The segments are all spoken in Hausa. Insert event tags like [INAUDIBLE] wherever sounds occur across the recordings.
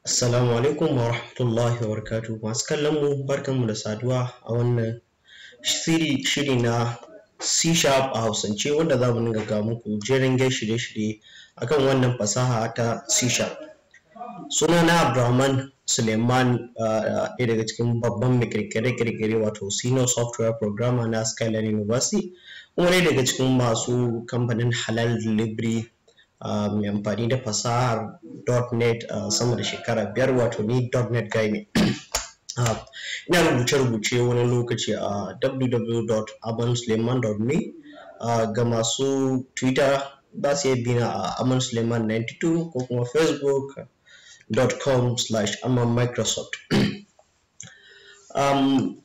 Assalamu alaikum wa rahmatullahi wa barkatu. masu kallon mu barkan mu da saduwa a wannan shiri na C sharp a Hausance wanda za mu dinga ga muku jerin gai shirye-shirye akan wannan fasaha ta C sharp. Suna na Abdulrahman Suleiman ɗaya daga cikin babban mai kirkire-kirkire wato Sino Software Programmer na Skyline University kuma ɗaya daga cikin masu kamfanin Halal Delivery Um, mai amfani da fasahar .NET uh, sama da shekara biyar wato ni .NET guy ne [COUGHS] uh, ina rubuce-rubuce wani lokaci a www.abansuleiman.me uh, ga masu twitter ba su yi a aman 92 ko kuma facebook.com slash microsoft [COUGHS] um,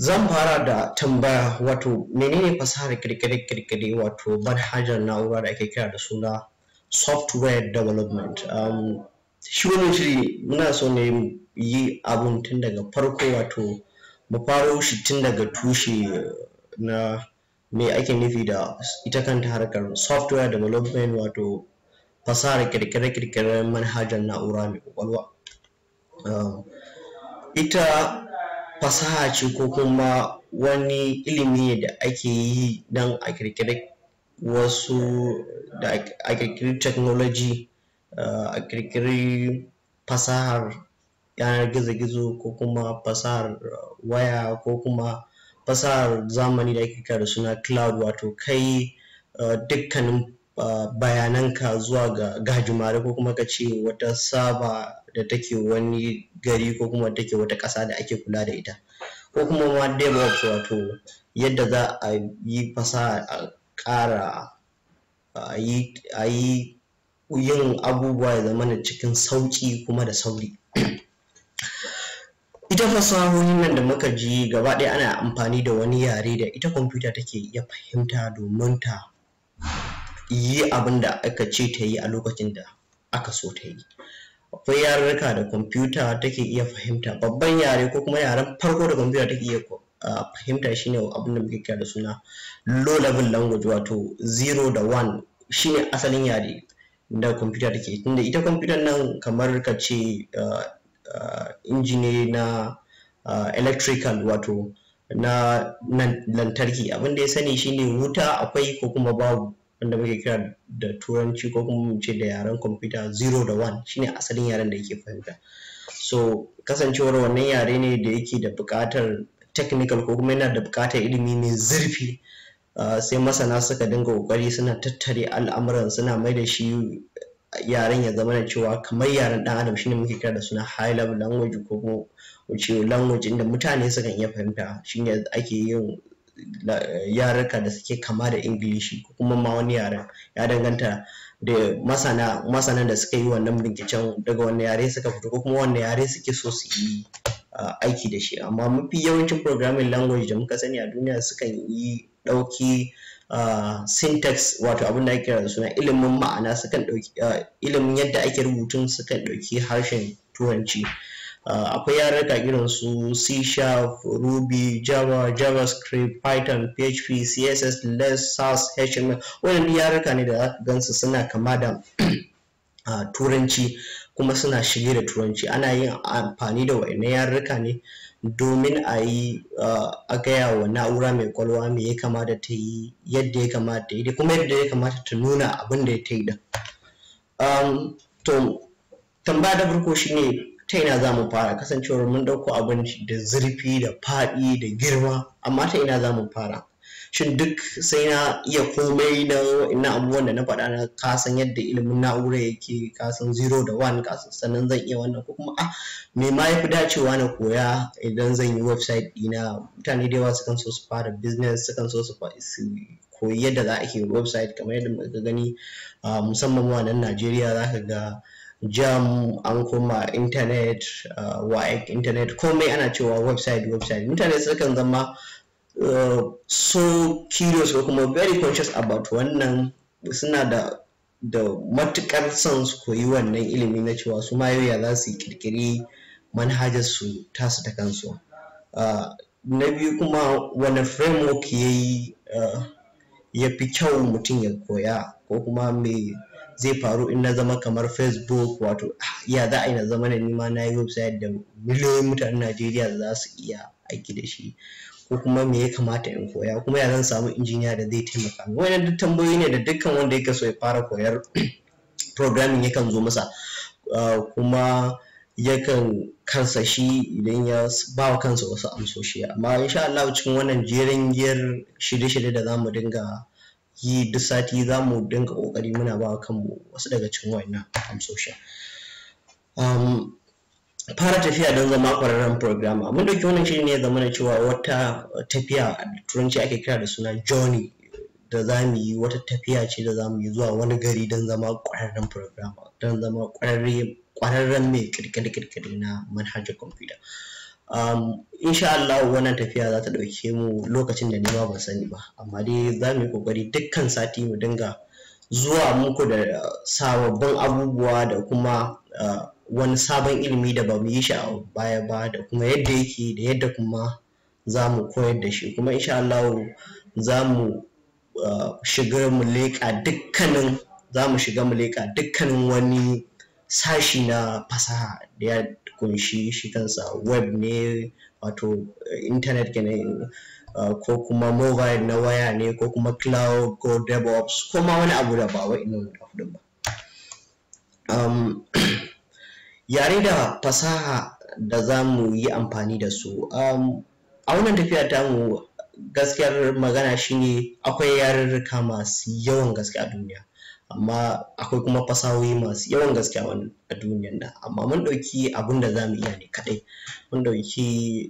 zan fara da tambaya wato menene fasahar kirkire-kirkire wato manhajar na'ura da ake kira da suna software development um, shi shiri muna so ne yi abun tun daga farko wato mu faro shi tun daga tushe na me ake nufi da ita kanta harkar software development wato fasahar kirkire kirkire manhajar na'ura mai kwakwalwa um, ita fasaha ce ko kuma wani ilimi ne da ake yi don a kirkire wasu da a kirkiri technology uh, a kirkiri fasahar yanar gizo-gizo ko kuma fasahar waya ko kuma fasahar zamani da ake kira suna cloud wato kai uh, dukkanin uh, bayananka zuwa ga gajimare ko kuma ka ce wata saba da take wani gari ko kuma take wata ƙasa da ake kula da ita ko kuma ma DevOps wato yadda za a yi fasaha ƙara a yi yin abubuwa ya zama na cikin sauƙi kuma da sauri ita fasahohin nan da muka ji gaba ɗaya ana amfani da wani yare da ita kwamfuta take iya fahimta domin ta yi abin da aka ce ta yi a lokacin da aka so ta yi akwai yarurruka da kwamfuta take iya fahimta babban yare ko kuma yaren farko da kwamfuta take iya fahimta shine abin da muke kira da suna low level language wato 0 da 1 ne asalin yare da kwamfuta ke tunda ita kwamfuta nan kamar ka ce injini na electrical wato na lantarki abin ya sani shi ne wuta akwai ko kuma babu wanda muke kira da turanci ko kuma ce da yaren kwamfuta 0 da 1 ne asalin yaren da yake fahimta so kasancewar wannan yare ne da yake da bukatar technical ko kuma yana da bukatar ilimi mai zurfi uh, sai masana suka dinga kokari suna tattare al'amuran suna mai da shi yaren ya zama da cewa kamar yaren dan adam shine muke kira da suna high level language ko kuma wuce language inda mutane sukan iya fahimta shine ake yin yaruka da suke kama da ingilishi ko kuma ma wani yaren ya danganta da masana masanan da suka yi wannan binciken daga wanne yare suka fito ko kuma wanne yare suke so su yi aiki da shi amma mafi yawancin programming language da muka sani a duniya sukan yi ɗauki syntax wato abin da ake kira da suna ilimin ma'ana sukan ɗauki ilimin yadda ake rubutun sukan ɗauki harshen turanci akwai yaruka irin su c sharp ruby java javascript python php css less sas html waɗannan yaruka ne da gansu suna kama da turanci kuma suna shige da turanci ana yin amfani da wa'annan yarurruka ne domin a yi a gaya wa na'ura mai kwalwa me ya kamata ta yi yadda ya kamata ta yi da kuma yadda ya kamata ta nuna abin da ta yi da um, to tambaya da farko shine ta ina za mu fara kasancewar mun ɗauko abinci da zurfi da faɗi da girma amma ta ina za mu fara shin duk sai na iya komai na ina abubuwan da na faɗa na kasan yadda ilimin na'ura yake kasan zero da one kasan sannan zan iya wannan ko kuma a ah, me ma ya fi dacewa na koya idan zan yi website ɗina mutane da yawa sukan so su fara business sukan so su koyi yadda za a ke website kamar yadda muka gani ah, musamman ma nan najeriya za ka ga jam an koma intanet uh, ah, wa intanet komai ana cewa website website mutane sukan zama Uh, so curious ko kuma very conscious about wannan suna da da matukar son su koyi wannan ilimi na cewa su ma yau ya za su kirkiri manhajar su tasu ta kansu uh, na biyu kuma wani framework ya yi uh, ya fi kyau mutum ya koya ko kuma me zai faru in na zama kamar facebook wato ya za a yi na zama da nima na yi website da miliyoyin mutanen najeriya za su iya aiki da shi ko kuma me ya kamata in koya kuma ya zan samu injiniya da zai taimaka mu wannan duk tambayoyi ne da dukkan wanda yake so ya fara koyar [CLEARS THROAT] programming yakan zo masa ah, kuma yakan kansa shi idan ya ba wa kansa wasu amsoshi amma insha Allah cikin wannan jerin giyar shirye-shirye da zamu dinga yi duk sati zamu dinga kokari muna ba wa kanmu wasu daga cikin wannan amsoshi um, fara tafiya don zama ƙwararren programmer mun ke wannan shiri ne zama da cewa wata tafiya a turanci ake kira da suna journey da za mu yi wata tafiya ce da za mu yi zuwa wani gari don zama ƙwararren programmer don zama ƙwararren mai kirkire-kirkire na manhajar kwamfuta um, insha Allah wannan tafiya za ta ɗauke mu lokacin da nema ban sani ba amma dai za mu yi ƙoƙari dukkan sati mu dinga zuwa muku da sababbin abubuwa da kuma uh, wani sabon ilimi da ba mu yi shi a baya ba da kuma yadda yake da yadda kuma za mu koyar da shi kuma insha Allah za mu uh, shiga mu leƙa dukkanin za mu shiga mu leƙa dukkanin wani sashi na fasaha da ya kunshi shi kansa web ne wato internet kenan uh, ko kuma mobile na waya ne ko kuma cloud ko devops ko ma wani abu da ba wa'innan guda da ba um, [CLEARS THROAT] yare da fasaha da za mu yi amfani da su um, a wannan tafiya mu gaskiyar magana shine akwai yarurruka masu yawan gaske a duniya amma akwai kuma fasahohi masu yawan gaske a duniya nan amma mun ɗauki abin da za mu iya ne kaɗai mun ɗauki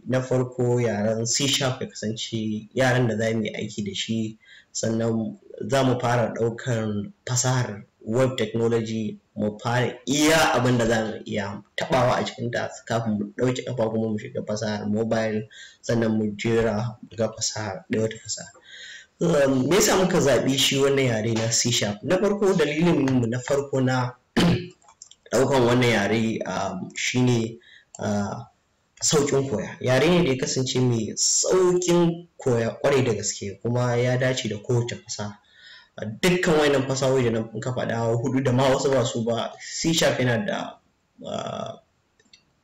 na farko yaren c sharp ya kasance yaran da za mu yi aiki da shi sannan za mu fara ɗaukar fasahar web technology mu fara iya abin da za mu iya taɓawa a cikin ta kafin mu ɗauki kafa kuma mu shiga fasahar mobile sannan mu jera ga fasahar ɗaya wata fasaha um, me yasa muka zaɓi shi wannan yare na C sharp na farko dalilin mu na farko na [CLEARS THROAT] ɗaukan wannan yare um, shine uh, sauƙin koya yare ne da ya kasance mai sauƙin koya kwarai da gaske kuma ya dace da kowace fasaha dukkan wayannan fasahohi da na ka faɗa hudu da ma wasu ba su ba C sharp yana da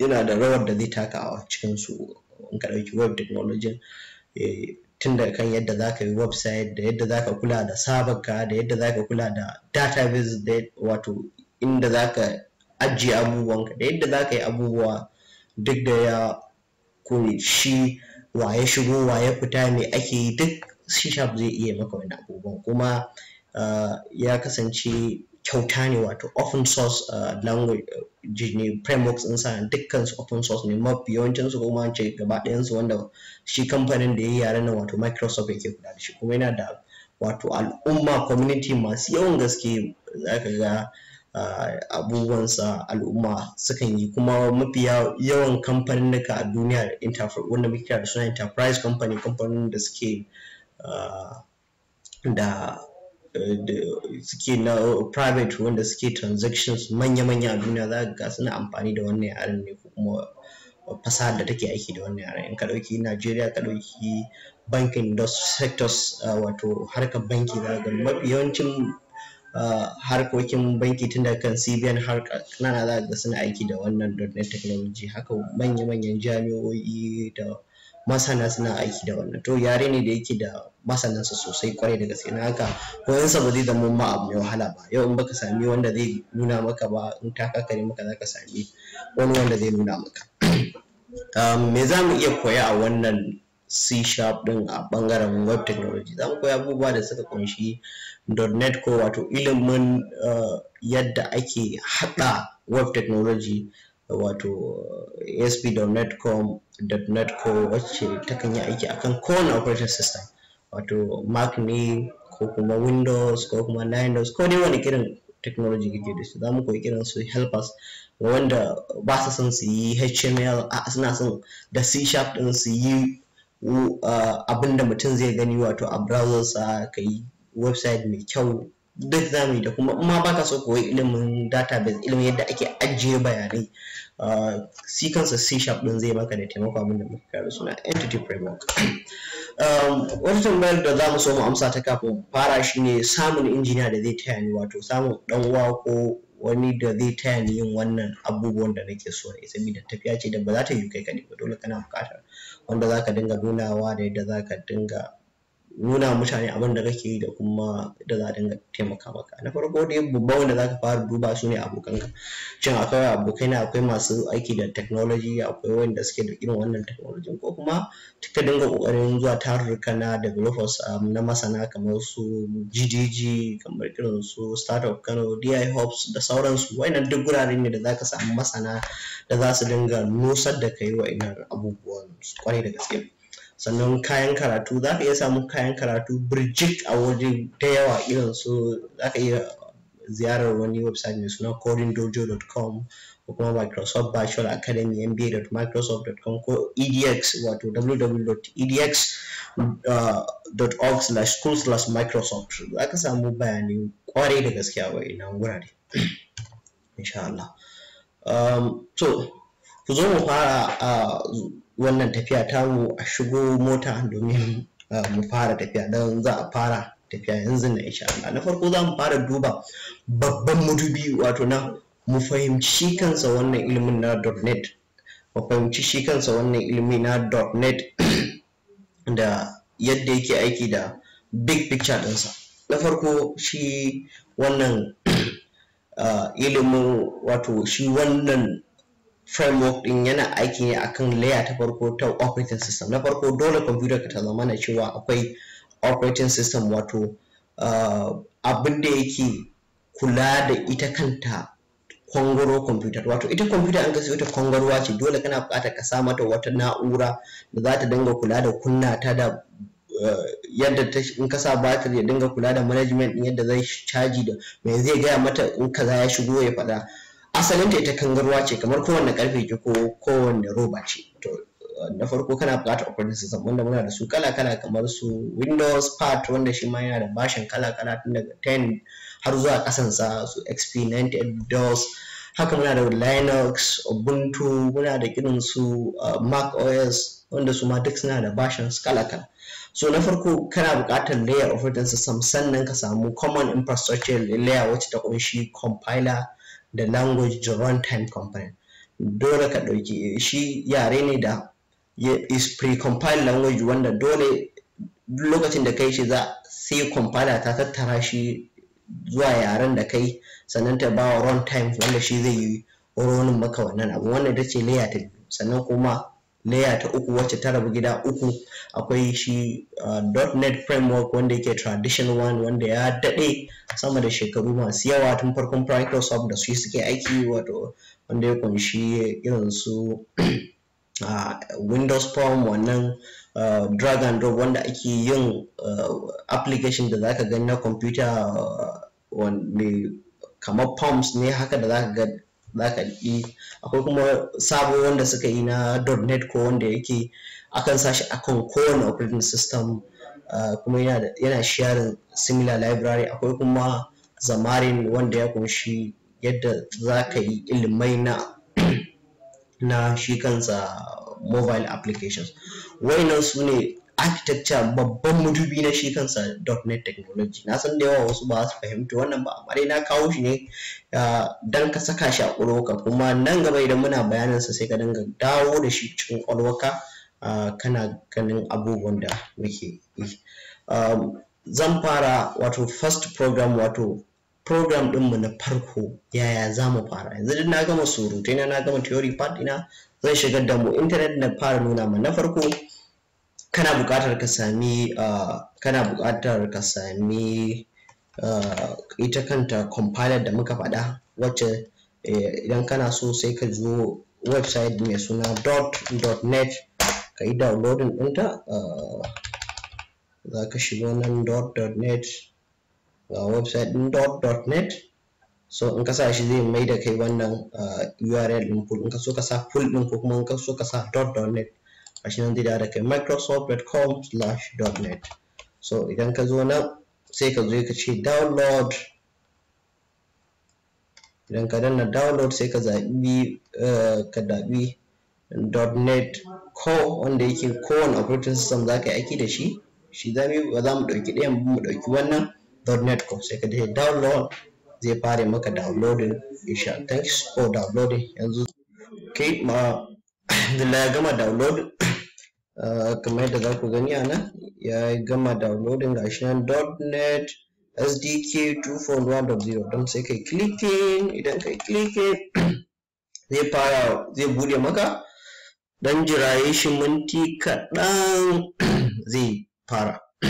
yana da rawar da zai taka a cikin su in ka ɗauki web technology eh, tun da kan yadda za ka yi website da yadda za ka kula da ka da yadda za ka kula da database da wato inda za ka ajiye abubuwanka da yadda za ka yi abubuwa duk da ya kuri shi waye shigo waye fita ne ake yi duk C sharp zai iya maka wani abubuwan kuma uh, ya kasance kyauta ne wato open source uh, language uh, ne frameworks in sa dukkan su open source ne mafi yawancin kuma ce gaba ɗayan su wanda shi kamfanin da ya yi yaren nan wato Microsoft yake kula da shi kuma yana da wato al'umma community masu yawan gaske zaka ga abubuwansa al'umma sukan yi kuma mafi yawan kamfanin a duniya wanda muke da suna enterprise company kamfanin da suke Ah, eh, da suke na oh, private wanda suke transactions manya-manya a duniya za ga suna amfani da wannan yaren ne kuma fasahar da take aiki da wannan yaren in ka dauki najeriya ka dauki bankin sectors ah, wato harkar banki za ga yawancin ah, harkokin banki tun da kan cbn harka kanana za ga suna aiki da wannan .NET technology haka manya-manyan jami'o'i da masana suna aiki da wannan to yare ne da yake da su sosai kwarai da gaske na haka koyansa ba zai zama ma abu mai wahala ba yau in baka sami wanda zai nuna maka ba in ta kakare maka zaka sami wani wanda zai nuna maka um, me za mu iya koya a wannan C sharp din a bangaren web technology za mu koya abubuwa da suka kunshi .NET ko wato ilimin uh, yadda ake haɗa web technology wato ASP.NET Core .NET ko wacce takan yi aiki akan kowane operating system wato Mac ne ko kuma Windows ko kuma Linux ko dai wani kiran technology kake da su za mu koyi kiran su helpers wanda ba su son su yi HTML a suna son da C sharp din su yi uh, abin mutum zai gani wato a browser sa ka website mai kyau duk za mu yi da kuma in ma baka so koyi ilimin database ilimin yadda ake ajiye bayanai ah, Si kansa C sharp din zai baka da taimako abin da muka kare suna entity framework um, wata tambayar da za mu so mu amsa ta kafin fara shine samun injiniya da zai taya ni wato samun dan uwa ko wani da zai taya ni yin wannan abubuwan da nake so ne da tafiya ce da ba za ta yi kai ne ba dole kana buƙatar wanda za ka dinga nunawa da yadda za ka dinga nuna mutane abin da kake yi da kuma da za a dinga taimaka maka na farko dai babban wanda zaka fara duba su ne abokanka shin akwai abokai na akwai masu aiki da technology akwai wanda suke da irin wannan technology ko kuma ka dinga kokarin zuwa tarurruka na developers um, na masana kamar su GDG kamar irin su startup Kano DI Hubs da sauransu wayannan duk gurare ne da zaka samu masana da za su dinga nusar da kai wayannan abubuwan kwarai da gaske sannan kayan karatu za ka iya samun kayan karatu birjik a waje da yawa irin su za ka iya ziyarar wani website mai suna codingdojo.com ko kuma microsoft virtual academy mba.microsoft.com ko edx wato www.edx.org uh, slash school slash microsoft za ka samu bayanai kwarai da gaskiya wa ina wurare insha um, so ku zo mu fara a uh, wannan tafiya ta mu a shigo mota domin mu fara tafiya don za a fara tafiya yanzu na insha Allah na farko za mu fara duba babban madubi wato na mu fahimci kansa wannan ilimin na .net mu fahimci shi kansa wannan ilimi na .net [CLEARS THROAT] da yadda yake aiki da big picture ɗinsa na farko shi wannan [CLEARS THROAT] ilimin wato shi wannan framework din yana aiki ne akan layer ta farko ta operating system na farko dole computer ka ta zama na cewa akwai operating system wato uh, abin da yake kula da ita kanta kwangwaro computer wato ita computer an kasu ita kwangwarowa ce dole kana bukata ka mata wata na'ura da za ta dinga kula da kunna ta da eh, yadda ta in ka sa battery ya dinga kula da management din yadda zai caji da me zai gaya mata in kaza ya shigo ya faɗa asalin ta ita kangarwa ce kamar kowanne karfe ke ko kowanne roba ce to na farko kana buƙatar operating system wanda muna da su kala kala kamar su windows part wanda shi ma yana da bashin kala kala tun daga 10 har zuwa sa su xp 98 dos haka muna da linux ubuntu muna da irin su uh, mac os wanda su ma duk suna da bashin kala kala so na farko kana bukatar layer operating system sannan ka samu common infrastructure layer wacce ta kunshi compiler da language da runtime component dole ka ɗauki shi yare ne da is pre-compiled language wanda dole lokacin da kai shi za sai compiler ta tattara shi zuwa yaren da kai sannan ta ba wa runtime wanda shi zai yi ronin maka wannan abu wanda ita ce layer ta biyu sannan kuma naya ta uku wacce ta rabu gida uku akwai shi uh, .NET framework wanda yake traditional one wanda ya daɗe sama da shekaru masu yawa tun farkon Microsoft da su suke aiki wato wanda ya kunshi irin su [CLEARS THROAT] uh, Windows form wannan uh, drag and drop wanda ake yin uh, application da zaka gani na computer uh, wanda kamar pumps ne haka da zaka ga za ka yi akwai kuma sabo wanda suka yi na .NET ko wanda yake akan sashi akan kowane operating system ah, kuma yana sharing similar library akwai kuma zamarin wanda ya kunshi yadda za ka yi ilimai na [CLEARS THROAT] na shi kansa mobile applications wayannan su ne architecture babban madubi na shi kansa .NET technology na san da yawa wasu ba su fahimta wannan ba amma dai na kawo shi ne dan ka saka shi a kwalwaka kuma nan gaba idan muna bayanin sa sai ka dinga dawo da shi cikin ƙwarwarka kana ganin abubuwan da muke yi um, zan fara wato first program wato program din mu na farko yaya za mu fara yanzu duk na gama surutai na na gama theory part ina zan shigar da mu internet na fara nuna ma na farko kana buƙatar ka sami uh, kana buƙatar ka sami uh, ita kanta compiler da muka faɗa wacce eh, idan kana so sai ka zo website mai suna .net ka yi downloading ɗinta uh, za ka shigo nan .net ga website ɗin .net so in ka sa shi zai mai da kai wannan url ɗin ko in ka so ka sa full ɗin ko kuma in ka so ka sa .net shi nan zai da kai microsoft.com slash .net so idan ka zo nan sai ka zo ka ce download idan ka danna download sai ka zaɓi eh, ka zaɓi .net ko wanda yake kowane operating system za ka yi aiki da shi shi za mu za mu ɗauki ɗayan mu ɗauki wannan .net ko sai ka je download zai fara maka downloading insha thanks for downloading yanzu kai ma [COUGHS] da gama download Ah, kamar yadda za ku gani a nan ya gama downloading shi nan .NET SDK 2.1.0 don sai kai clicking idan kai clicking [CLEARS THROAT] zai fara zai bude maka dan jiraye shi minti kaɗan [CLEARS THROAT] zai fara [CLEARS THROAT]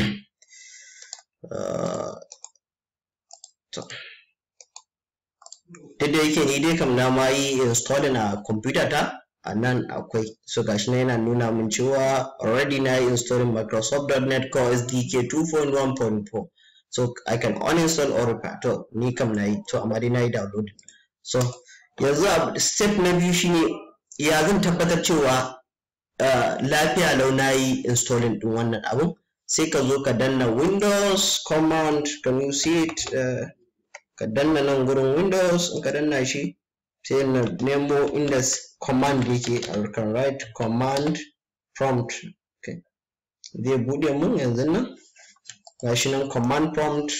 ah, duk yake ni dai kam na ma yi installing a computer ta a nan akwai so gashi na yana nuna min cewa already na yi installing microsoft.net core sdk 2.1.4 so i can uninstall or repair to ni kam na yi to amma dai na yi download so yanzu step na biyu shine ya zan tabbatar cewa eh, lafiya lau na yi installing din wannan abun sai ka zo ka danna windows command can you see it eh, ka danna nan gurin windows in ka danna shi sai na nemo inda command yake a can write command prompt okay. zai buɗe mun yanzu nan gashi nan command prompt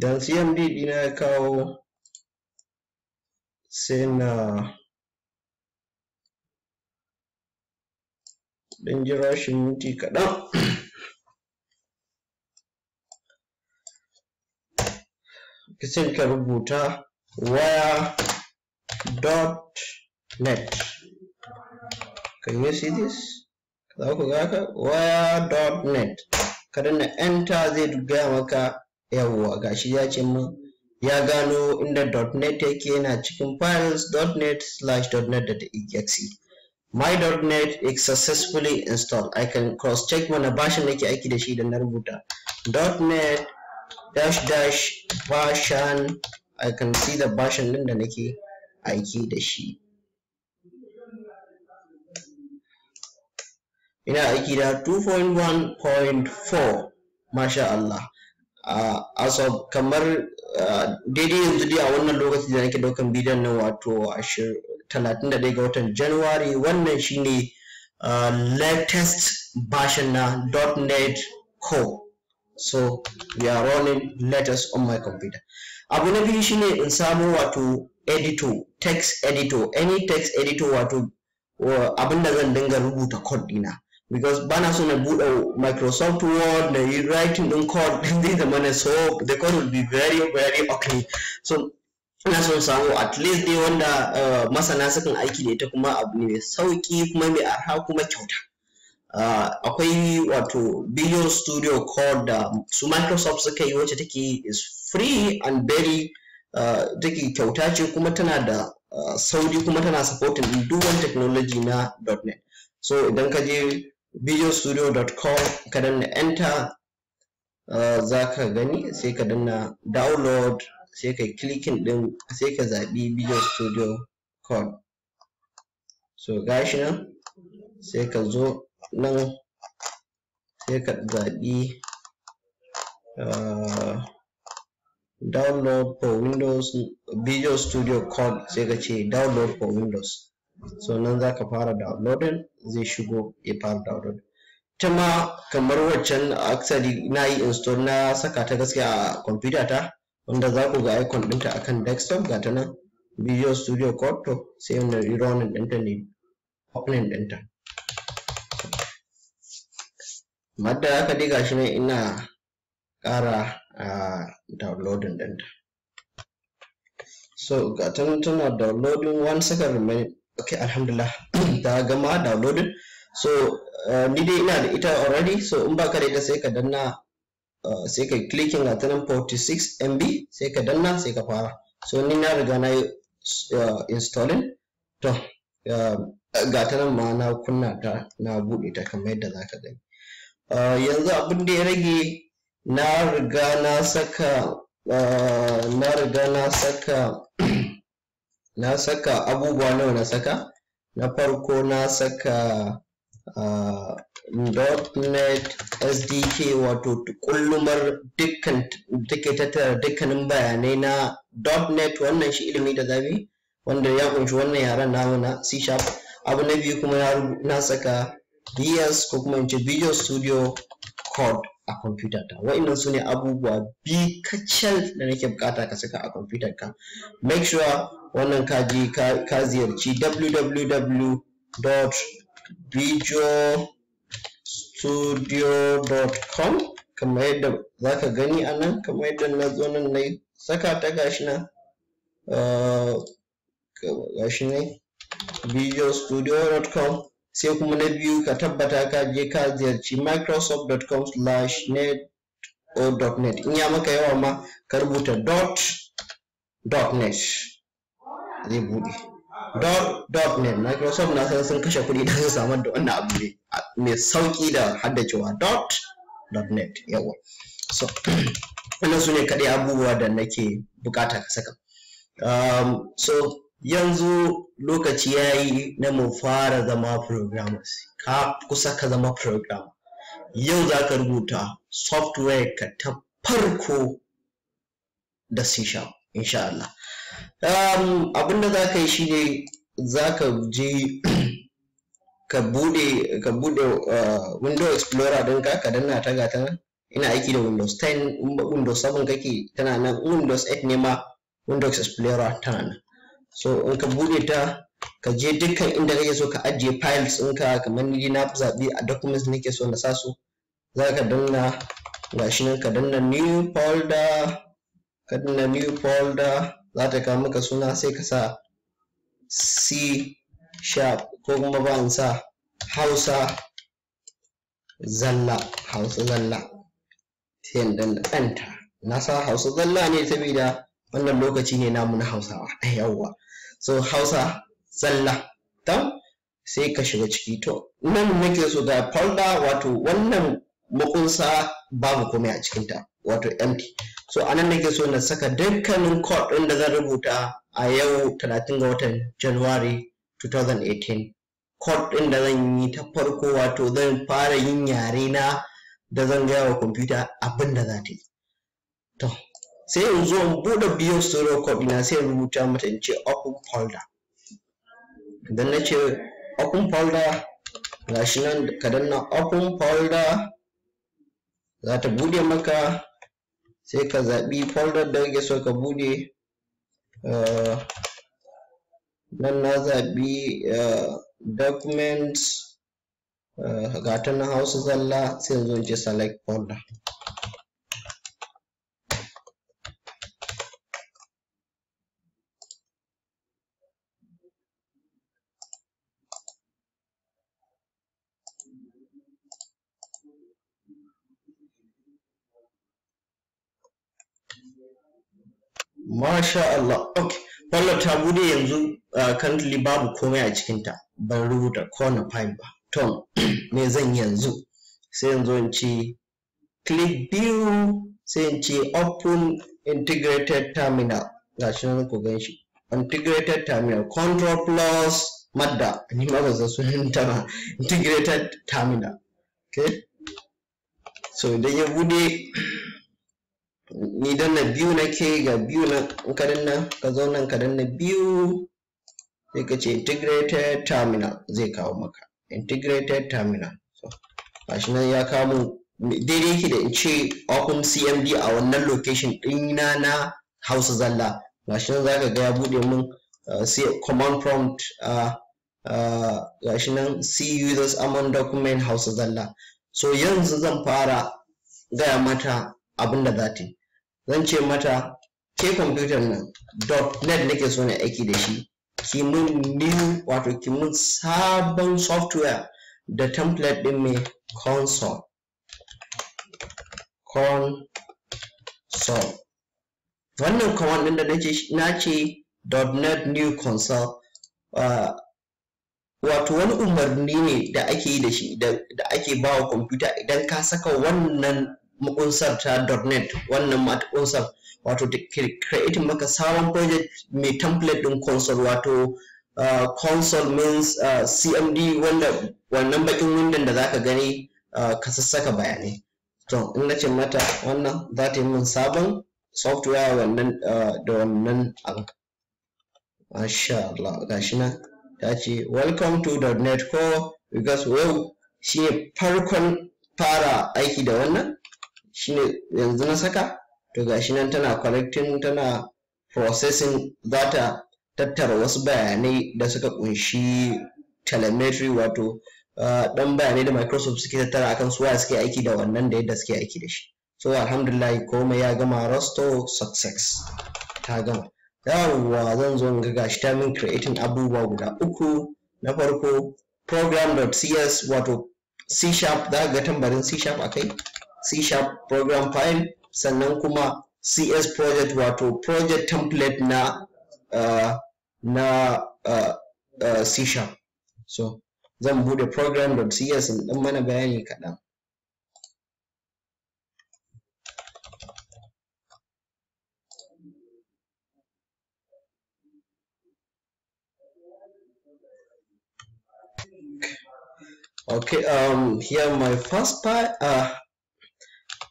dan cmd dina ya kawo sai na ɗan jira shi minti kaɗan sai ka rubuta wire dot net can you see this za ku ga ka wire dot net ka danna enter zai gaya maka yawwa gashi ya ce mun ya gano inda dot net yake yana cikin files dot net slash dot net dot exe my dot net is successfully installed i can cross check mana bashin nake aiki da shi da na rubuta dot net dash dash version I can see the version din da nake aiki da shi ina aiki da 2.1.4 masha Allah uh, of kamar daidai yanzu dai a wannan lokaci da nake daukan bidiyon nan wato 31 ga watan January wannan shine uh, latest version na .NET Core so we are running letters on my computer abu na biyu shine in samo wato editor text editor any text editor wato abinda zan dinga rubuta code dina because bana so na buɗe microsoft word na yi writing din code din [LAUGHS] zai zama na so the code will be very very okay so ina son samu at least dai wanda eh, masana sukan aiki da ita kuma abu ne mai sauki kuma mai arha kuma kyauta Ah, akwai wato video studio called da um, su microsoft suka yi wacce take is free and very ah, take kyauta ce kuma tana da ah, saudi kuma tana supporting duk technology na .net so idan ka je videostudio.com ka danna enter za ka gani sai ka danna download sai ka clicking din sai ka zaɓi video studio code so gashi nan sai ka zo nan sai ka zaɓi ah, download for windows visual studio code sai ka ce download for windows so nan za ka fara downloading zai shigo ya fara download ta ma kamar waccan actually na yi install na saka ta gaskiya a computer ta wanda za ku ga icon ɗinta akan desktop ga ta nan visual studio code to sai wannan running ɗinta ne opening ɗinta madda haka diga shi ne ina ƙara a downloading ɗinta so ga tana downloading one second remain ok alhamdulillah [CLEARS THROAT] ta gama downloading so uh, ni dai ina da ita already so in baka da ita sai ka danna uh, sai ka clicking ga ta 46 MB sai ka danna sai ka fara so ni na riga na yi uh, installing to uh, ga ta ma na kunna ta na buɗe ta kamar yadda zaka gani Eh, yanzu abin da ya rage na riga na saka eh, [CLEARS THROAT] na saka abubuwa nawa na saka na farko na saka eh, .NET SDK wato kullumar dukkan take tattara dukkanin bayanai na .NET wannan shi ilimi da zabi wanda ya kunshi wannan yaren namu na C# abu na biyu kuma na saka ds ko kuma in ce visual studio code a computer ta wa'annan su ne abubuwa bi kacal da nake bukata ka saka a computer ka make sure wannan ka je ka ziyarci www.visualstudio.com kamar yadda za ka gani a nan kamar yadda na zo nan na saka ta gashi nan uh, gashi ne visualstudio.com sai kuma na biyu ka tabbata ka je ka ziyarci microsoft.com slash net in ya maka yawa ma ka rubuta dot dot net zai buɗe dot dot net microsoft na san sun kashe kuɗi don su samar da wannan abu ne mai sauƙi da haddacewa dot dot net yawa so [CLEARS THROAT] wannan su ne kaɗai abubuwa da nake bukata ka saka um, so yanzu lokaci ya yi na mu fara zama programmers ka kusa ka zama programmer yau za ka rubuta software ka ta farko da C sharp insha Allah um, abinda za ka yi shi ne za ka je [CLEARS THROAT] ka bude ka bude uh, eh, window explorer don ka ka danna ta gata ta ina aiki da windows 10 windows 7 kake tana nan windows 8 ne ma windows explorer tana nan so in ka bude ta ka je dukkan inda kake so ka ajiye files ɗinka kamar ni na zaɓi a documents nake so na sa su za ka danna gashi nan ka danna new folder ka danna new folder za ta kawo maka suna sai ka sa c sharp ko kuma ba in sa hausa zalla hausa zalla sai in danna enter na sa hausa zalla ne saboda wannan lokaci ne namu na hausawa [LAUGHS] yawwa so hausa zalla tam sai ka shiga ciki to nan nake so da falda wato wannan makunsa babu komai a cikinta wato empty so a anan nake so na saka dukkanin code ɗin da zan rubuta a yau 30 ga watan january 2018 code ɗin da zan yi ta farko wato zan fara yin yare na da zan gaya wa computer abin da za yi to sai in zo in buɗe biyo solo code na sai rubuta mata in ce open folder idan na ce open folder shi nan ka danna open folder za ta buɗe maka sai ka zaɓi folder da kake so ka buɗe eh, nan na zaɓi eh, documents eh, ga ta na hausa zalla sai in zo in ce select folder Masha Allah. Okay. Wallet ta bude yanzu currently babu komai a cikinta. Ban rubuta corner file ba. Tom, [CLEARS THROAT] me zan yanzu? Sai yanzu in ce click view sai in ce open integrated terminal. shi nan ku gan Integrated terminal control plus madda. Ni ma ba zan sun ta ba. Integrated terminal. Okay? So idan ya bude ni don na biyu na ke, ga biyu na in na ka zo nan ka na biyu sai ka ce integrated terminal zai kawo maka integrated terminal so shi nan ya kawo mun daidai yake da in ce open cmd a wannan location ɗina na hausa zalla Ba shi nan za ga ya buɗe mun uh, command prompt uh, uh, shi nan see users among document hausa zalla so yanzu zan fara gaya mata abinda da zan ce mata ke kwamfutar nan .NET nake so na aiki da shi ki new wato ki sabon software da template din mai console console wannan command din da na ce .NET new console ah, wato wani umarni ne da ake yi da shi da ake bawa wa kwamfuta idan ka saka wannan makunsar ta .NET wannan makunsar wato da creating maka sabon project mai template din console wato uh, console means uh, cmd wanda wannan bakin windon da zaka gani uh, ka sassaka bayanai to in na ce mata wannan za ta yi min sabon software wannan uh, da wannan abin masha Allah gashi nan ta ce welcome to .NET Core because wow shine farkon fara aiki da wannan shine yanzu na saka to gashi nan tana collecting tana processing za tattara wasu bayanai da suka kunshi telemetry wato dan ah, bayanai da microsoft suke tattara akan su waya suke aiki da wannan da yadda suke aiki da shi so alhamdulillah komai ya gama rosto success ta gama yawwa zan zo ga gashi ta min creating abubuwa guda uku na farko program.cs wato c sharp za ga tambarin c sharp akai C Sharp program file sannan kuma CS project wato project template na uh, na uh, uh, C Sharp. So zan bude program.cs in ɗan mana bayani kaɗan. Okay, um, here my first part, uh,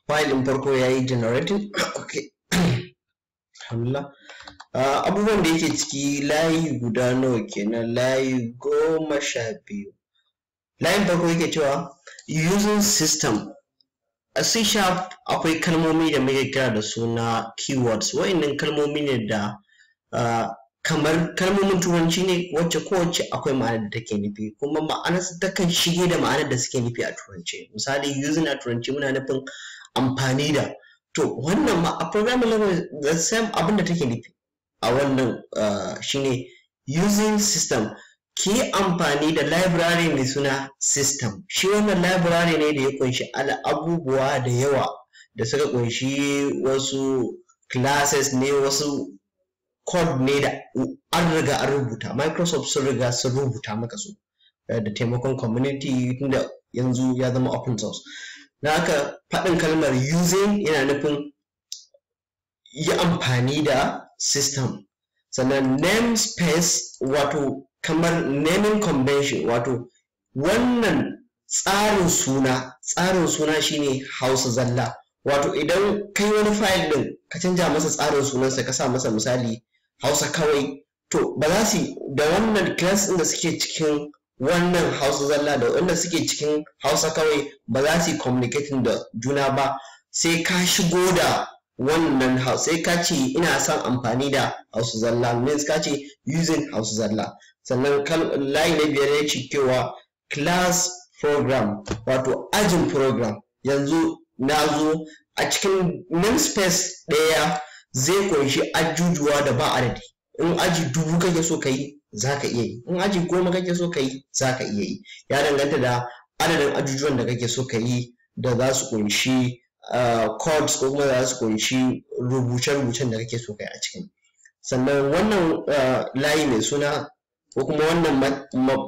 file din farko ya yi generating [COUGHS] okay [COUGHS] alhamdulillah ah, abubuwan da yake ciki layi guda nawa kenan layi goma sha biyu layin farko yake cewa using system a c sharp akwai kalmomi da muke kira da suna keywords wa'annan kalmomi ne da ah, kamar kalmomin turanci ne wacce kowace akwai ma'anar da take nufi kuma ma'anar takan shige da ma'anar da suke nufi a turanci misali using a turanci muna nufin amfani da to wannan ma a program level the same abin da take nufi a wannan uh, shine using system ki amfani da library mai suna system shi wannan library ne da ya kunshi al'abubuwa da yawa da suka kunshi wasu classes ne wasu code ne da an riga an rubuta microsoft sun riga sun rubuta maka su uh, da taimakon community tunda yanzu ya zama open source da haka faɗin kalmar using yana nufin yi amfani da system sannan namespace wato kamar naming convention wato wannan tsarin suna tsarin suna shine hausa zalla wato idan kai wani fayil din ka canja masa tsarin sunansa ka sa masa misali hausa kawai to ba za su da wannan class din da suke cikin wannan hausa zalla da wanda suke cikin hausa kawai ba za su yi communicating da juna ba sai ka shigo da wannan hausa sai ka ce ina son amfani da hausa zalla means ka ce using hausa zalla sannan layi na biyar ya ce cewa class program wato ajin program yanzu na zo a cikin namespace ɗaya zai kunshi ajujuwa da ba adadi in aji dubu kake so ka yi za ka iya yi in aji goma kake so ka yi za ka iya yi ya danganta da adadin ajujuwan da kake so ka yi da za su kunshi ah, codes ko kuma za su kunshi rubuce-rubucen da kake so ka yi a cikin sannan wannan ah, layi mai suna ko kuma wannan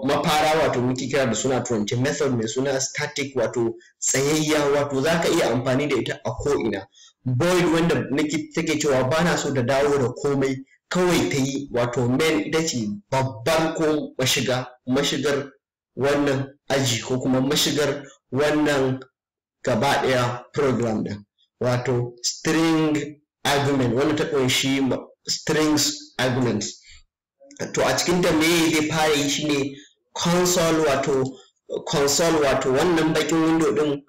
mafara wato muke kira da suna turanci method mai suna static wato tsayayya wato za ka iya amfani da ita a ko'ina boyd wanda nake take cewa ba na so da dawo da komai kawai ta yi wato main ita ce babban ko mashiga mashigar wannan aji ko kuma mashigar wannan gaba ɗaya program ɗin wato string argument wanda ta ƙunshi strings arguments to a cikin da me zai fara yi shine console wato console wato wannan bakin window ɗin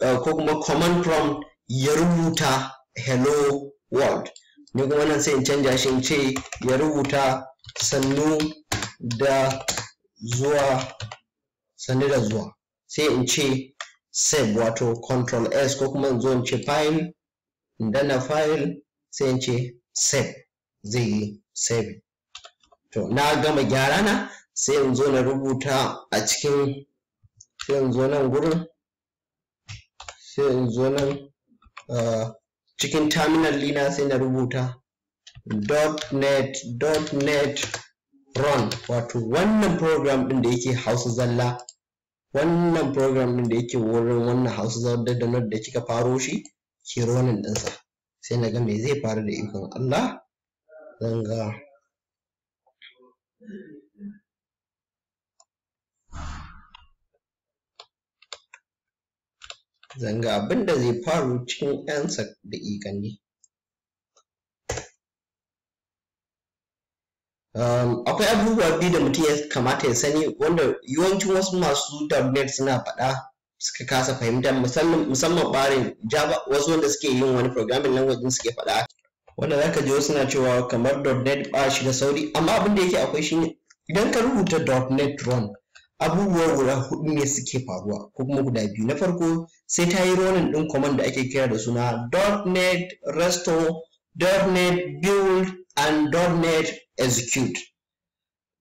eh, ko kuma command prompt ya rubuta hello world ne kuma nan sai in canja shi in ce ya rubuta sannu da zuwa sannu da zuwa sai in ce save wato control s ko kuma in zo in ce file in danna file sai in ce save zai yi save to na gama gyara na sai in zo na rubuta a cikin sai in zo nan gurin sai in zo nan ah, cikin terminal dina sai na rubuta .net .net run wato wannan program din da yake hausa zalla wannan program din da yake wurin wannan hausa zalla da da kika faro shi ke ronin ɗinsa sai na ga me zai faru da ikon Allah zan ga zanga abin da zai faru cikin 'yansa da ikanni um, akwai abubuwa biyu da mutum ya kamata ya sani wanda yawancin wasu masu .NET suna faɗa suka kasa fahimta musamman ɓarin java wasu wanda suke yin wani programming language suke faɗa wanda za ka ji wasu cewa kamar .NET ba shi da sauri amma abin da yake akwai shine idan ka rubuta .NET run abubuwa guda hudu ne suke faruwa ko kuma guda biyu na farko sai ta yi ronin ɗin command da ake kira da suna .NET restore .NET build and .NET execute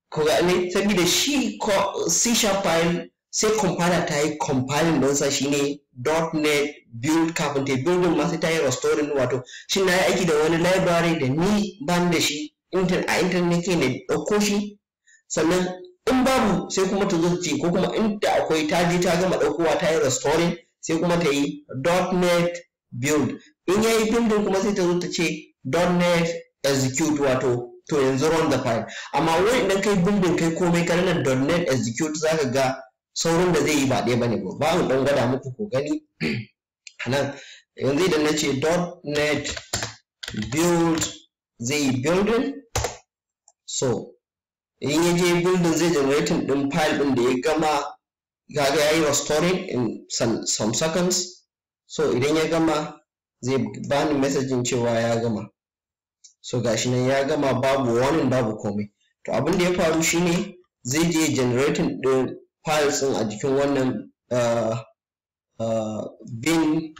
ga ne saboda shi C sharp file sai compiler ta yi compiling don sa shi shine .NET build kafin ta building ma sai ta yi restoring wato Shin na yi aiki da wani library da ni ban da shi a internet ke ne ɗauko shi sannan in babu sai kuma ta zo ce ko kuma in da akwai ta je ta gama ɗaukowa ta yi restoring sai kuma ta yi .NET build in ya yi building kuma sai ta zo ta ce .NET execute wato to yanzu run the file amma wai idan kai building kai komai ka nan .NET execute zaka ga saurin da zai yi ba ɗaya bane ba ba mu dan gada muku ko gani anan [CLEARS THROAT] yanzu idan na ce .NET build zai yi building so in ya je building zai generating din file din da ya gama gaga ya yi restoring in some, some seconds so idan ya gama zai bani messaging cewa ya gama so gashi nan ya gama babu warning babu komai to abin da ya faru shine zai je generating din files din a jikin wannan uh, uh, bin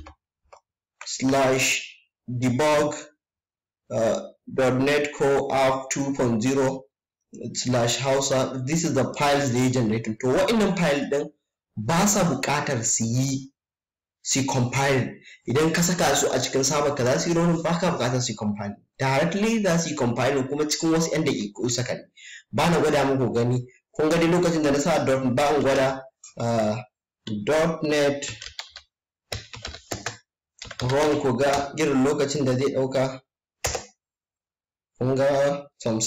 slash debug uh, .NET Core App 2.0 slash hausa this is the files they generated to in file ɗin ba sa buƙatar su yi su compile idan ka saka su a cikin sama ka za su yi raunin ba ka buƙatar su compile directly za su yi compile kuma cikin wasu yan daƙiƙu sakani ba na gwada muku gani kun gani lokacin da na sa dot ba in gwada ah, dot net ron ku ga irin lokacin da zai ɗauka kun ga some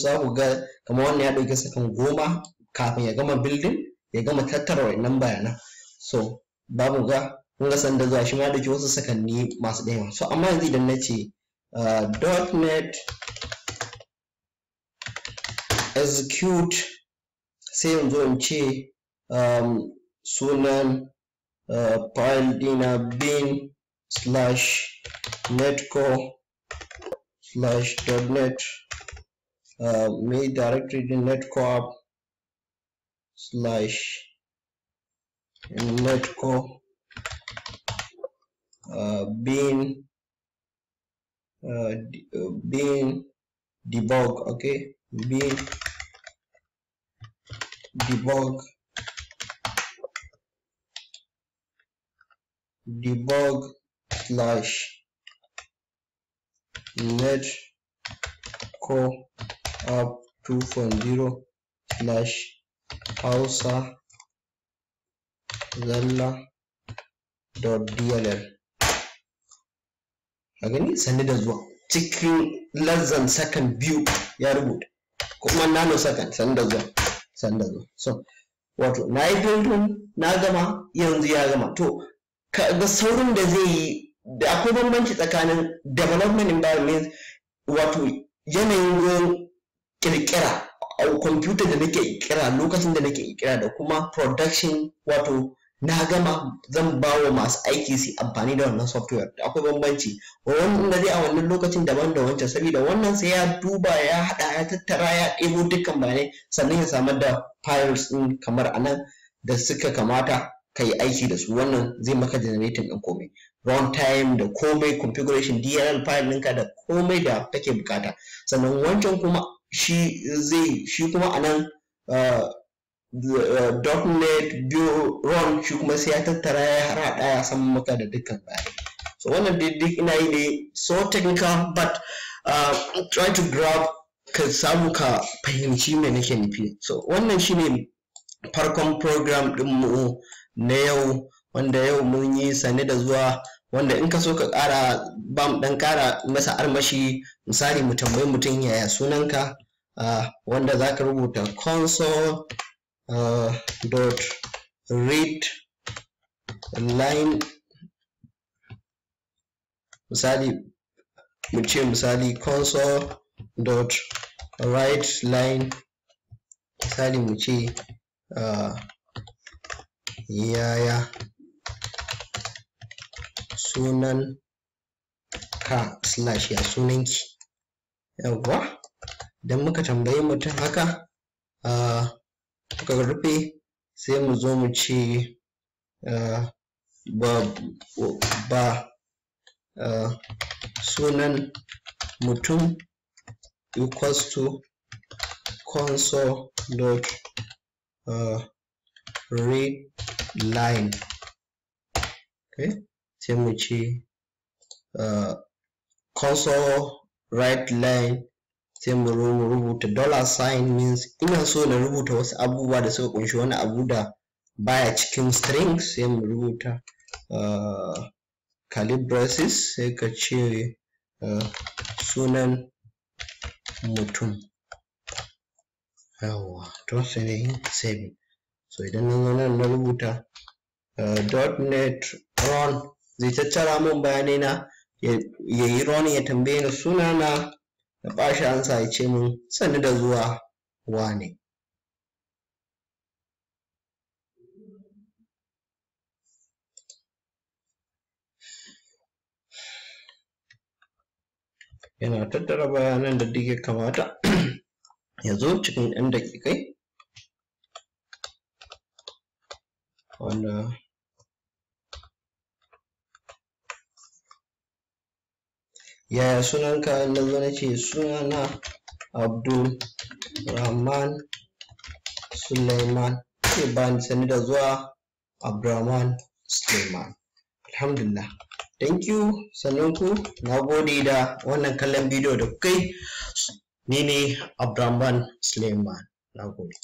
za ku ga kamar wannan ya ɗauki sakan goma kafin ya gama bildin ya gama tattara wannan bayanan so babu ga kun ga sanda zuwa shi ma ya ɗauki wasu sakanni masu ɗaya so amma yanzu idan na ce dot uh, net execute sai yanzu in ce um, sunan uh, file dina bin slash netcore slash net. uh, main directory netcorp slash netco uh, bin uh, uh, bin debug okay bin debug debug slash let go up zero slash hausa zalla dot dll a gani sani da zuwa cikin lazan sakan biyu ya rubuta kuma nano sakan sani da zuwa sani da zuwa so wato na yi bildin na gama yanzu ya gama to ga saurin da zai yi da akwai bambanci tsakanin development environment wato yanayin ruwan kirkira kwamfuta da nake kira lokacin da nake kira da kuma production wato na gama zan ba wa masu aiki su amfani da wannan software da akwai bambanci wanda zai a wannan lokacin daban da wancan saboda wannan sai ya duba ya haɗa ya tattara ya ɗebo dukkan bayanai sannan ya samar da files din kamar anan da suka kamata ka yi aiki da su wannan zai maka generating din komai runtime da komai configuration dll file ɗinka da komai da kake bukata sannan wancan kuma shi zai shi kuma a nan uh, uh, .NET biyu run shi kuma sai ya tattara ya hara ya san maka da dukkan baya so wannan duk ina yi ne so technical but uh, try to grab ka samu ka fahimci me nake nufi so wannan shine farkon program mu na yau wanda yau mun yi sane da zuwa wanda in ka so ka ƙara bam mu ɗan ƙara masa armashi misali mu tambayi mutum yaya sunanka wanda za ka rubuta console dot read line misali mu ce misali console dot write line misali mu ce yaya sunan ka slash ya sunanki yawwa idan muka tambayi mutum haka a ah, muka rufe sai mu zo mu ce ah, ba ah, sunan mutum equals to console dot read line okay sai mu ce eh, console right line sai mu rubuta dollar sign means ina so na rubuta wasu abubuwa da suka kunshi wani abu da baya cikin string sai mu rubuta eh, calibrasis sai ka ce eh, sunan mutum yawa to sai na save so idan nan na rubuta dot net run zai tattara mun bayanai na ya yi roni ya tambaye ni suna na na bashi ansa ya ce min sani da zuwa wane yana tattara bayanan da duk ya kamata [CLEARS THROAT] ya zo cikin 'yan daƙiƙai wanda yaya sunanka na zo nace ce sunana abdul rahman suleiman ke ba ni sani da zuwa abdulrahman suleiman alhamdulillah thank you na gode da wannan kallon bidiyo da kai. ni ne abdulrahman suleiman na gode